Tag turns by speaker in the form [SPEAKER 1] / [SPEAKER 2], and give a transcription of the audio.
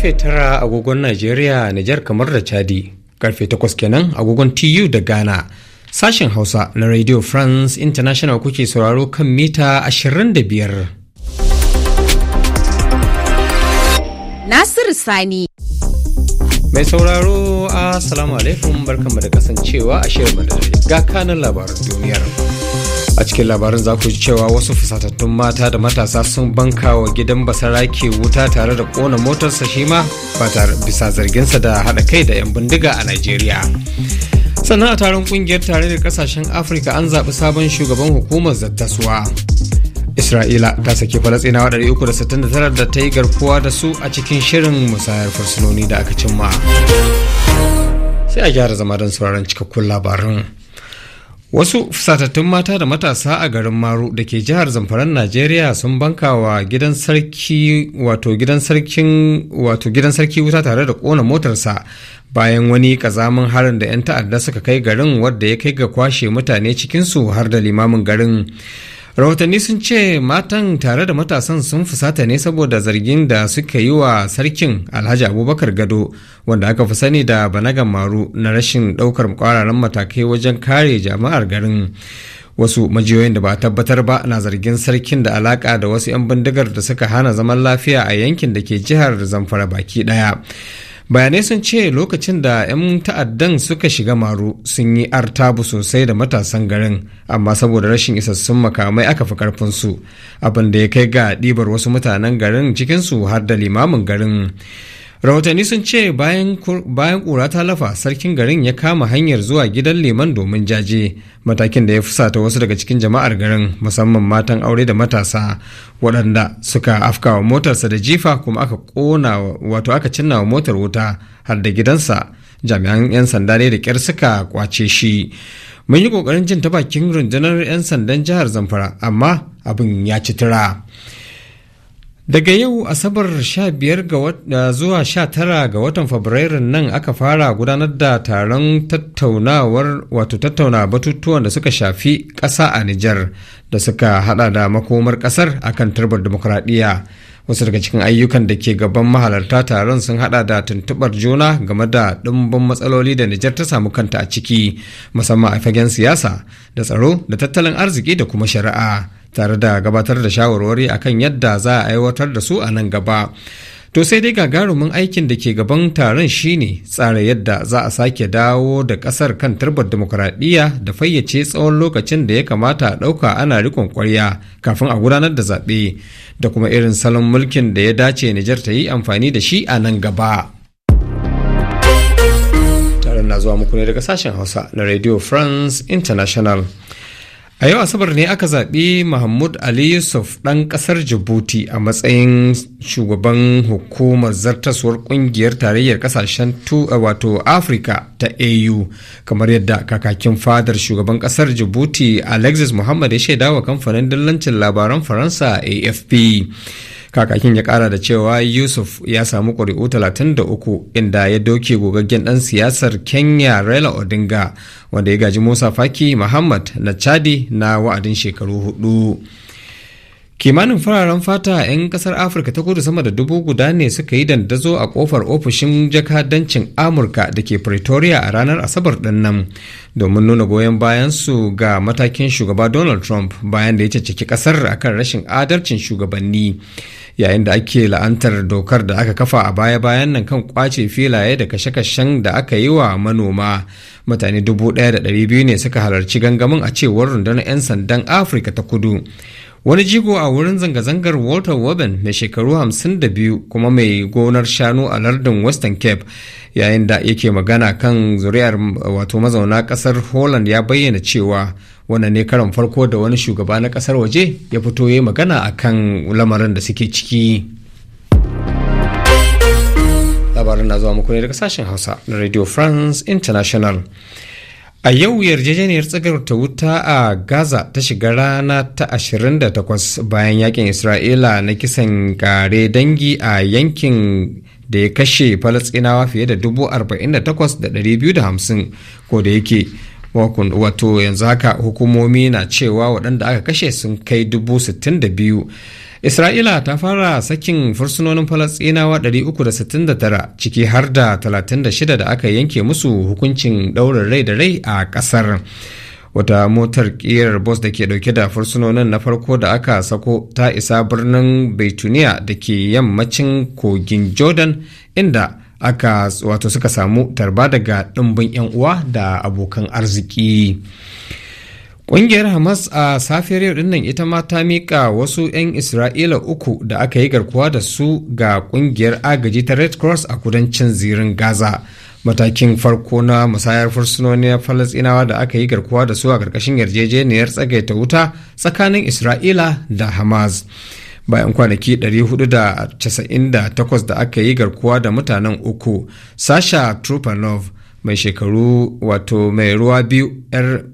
[SPEAKER 1] karfe tara agogon Najeriya, Nijar kamar da Chadi, karfe takwas kenan agogon TU da Ghana. Sashen Hausa na Radio France International kuke sauraro kan mita ashirin da biyar? Nasiru Sani. Mai sauraro, Assalamu alaikum barkanmu da kasancewa a shirin ga kanan labaran duniyar. a cikin labarin za ku ji cewa wasu fusatattun mata da matasa sun banka wa gidan basarake wuta tare da kona motarsa shi ma ba tare bisa zarginsa da haɗa kai da 'yan bindiga a najeriya sannan a taron kungiyar tare da kasashen afirka an zaɓi sabon shugaban hukumar zattaswa isra'ila ta saki falasinawa 369 da ta yi garkuwa da su a cikin shirin musayar fursunoni da aka cimma sai a gyara zama don sauraron cikakkun labarin Wasu fusatattun mata da matasa a garin Maru da ke jihar Zamfaran Najeriya sun banka wa gidan sarki wato gidan sarkin wato gidan sarki wuta tare da kona motarsa bayan wani kazamin harin da 'yan ta'adda suka kai garin wadda ya kai ga kwashe mutane cikinsu har da limamin garin. rahotanni sun ce matan tare da matasan sun fusata ne saboda zargin da suka yi wa sarkin alhaji abubakar gado wanda aka fi sani da banagan maru na rashin daukar kwararan matakai wajen kare jama'ar garin wasu majiyoyin da ba tabbatar ba na zargin sarkin da alaka da wasu 'yan bindigar da suka hana zaman lafiya a yankin da ke jihar zamfara baki ɗaya. bayanai sun ce lokacin da 'yan ta'addan suka shiga maru sun yi artabu sosai da matasan garin amma saboda rashin isassun makamai aka fi karfinsu abin da ya kai ga ɗibar wasu mutanen garin cikinsu har da limamin garin rahotanni sun ce bayan kura ta lafa sarkin garin ya kama hanyar zuwa gidan leman domin jaje matakin da ya fusata wasu daga cikin jama'ar garin musamman matan aure da matasa waɗanda suka afkawa motarsa da jifa kuma aka kona wato aka cinna wa motar wuta har da gidansa jami'an 'yan sanda ne da kyar suka kwace shi mun yi ƙoƙarin jin ta bakin rundunar 'yan sandan jihar zamfara amma abin ya ci tura Daga yau Asabar 15 eh, zuwa 19 ga watan Fabrairun nan aka fara gudanar da taron tattaunawar wato tattauna batutuwan da suka shafi ƙasa a Nijar da suka hada da makomar ƙasar akan turbar demokuraɗiyya. Wasu daga cikin ayyukan da ke gaban mahalarta taron sun hada da tuntubar juna game da ɗumbin matsaloli da Nijar ta samu kanta a ciki, musamman a fagen siyasa da tsaro da tattalin arziki da kuma shari'a. tare da gabatar da shawarwari akan yadda za a aiwatar da su a nan gaba to sai dai gagarumin aikin da ke gaban taron shine tsara yadda za a sake dawo da kasar kan turbar demokuraɗiyya da fayyace tsawon lokacin da ya kamata a ɗauka ana rikon kwarya kafin a gudanar da zaɓe da kuma irin salon mulkin da ya dace nijar ta yi amfani da shi a nan gaba taron na zuwa muku ne daga sashen hausa na radio france international A yau Asabar ne aka zaɓi Mahmud Ali Yusuf ɗan ƙasar Djibouti a matsayin shugaban hukumar zartaswar ƙungiyar tarayyar ƙasashen eh, wato Afirka ta AU kamar yadda kakakin fadar shugaban ƙasar Djibouti Alexis Muhammad ya shaidawa kamfanin dillancin labaran Faransa AFP. kakakin ya kara da cewa yusuf ya samu ƙuri'u 33 inda ya doke gogaggen ɗan siyasar kenya raila odinga wanda ya gaji musa faki muhammad na chadi na wa'adin shekaru hudu kimanin fararen fata a 'yan kasar afirka ta kudu sama da dubu guda ne suka yi dandazo a kofar ofishin jakadancin amurka da ke pretoria a ranar asabar din nan domin nuna goyon bayansu ga matakin shugaba donald trump bayan da ya ciki kasar akan rashin adalcin shugabanni yayin da ake la'antar dokar da aka kafa a baya-bayan nan kan kwace filaye da kashe-kashen da aka yi wa manoma mutane 1,200 ne suka halarci gangamin a cewar rundunar 'yan sandan afirka ta kudu Wani jigo a wurin zanga-zangar Walter Woben mai shekaru 52 kuma mai gonar shanu a lardin Western Cape yayin da yake magana kan zuri'ar wato mazauna kasar Holland ya bayyana cewa wannan ne karan farko da wani shugaba na kasar waje ya fito ya magana a kan lamarin da suke ciki. Labarin na zuwa muku ne daga sashen Hausa na Radio France International. A yau yarjejeniyar ta wuta a Gaza ta shiga rana ta 28 bayan yakin Isra'ila na kisan kare dangi a yankin da ya kashe Falasɗinawa fiye da 48,250 ko da yake wato yanzu haka hukumomi na cewa waɗanda aka kashe sun kai dubu sittin da biyu isra'ila ta fara sakin fursunonin falasɗinawa 369 ciki har da 36 da aka yanke musu hukuncin ɗaurin rai da rai a ƙasar wata motar ƙirar bus da ke ɗauke da fursunonin na farko da aka sako ta isa birnin baituniya da ke yammacin kogin jordan inda aka wato suka samu tarba daga ɗimbin 'yan uwa da abokan arziki Ƙungiyar Hamas a safiyar yau dinnan ita ma ta miƙa wasu 'yan Isra'ila uku da aka yi garkuwa da su ga ƙungiyar agaji ta Red Cross a kudancin zirin Gaza. Matakin farko na musayar fursunoni na Falasɗinawa da aka yi garkuwa da su a ƙarƙashin yarjejeniyar tsagaita wuta tsakanin Isra'ila da Hamas. bayan kwanaki 498 da aka yi garkuwa da mutanen uku sasha trupanov mai shekaru wato mai ruwa biyu 'yar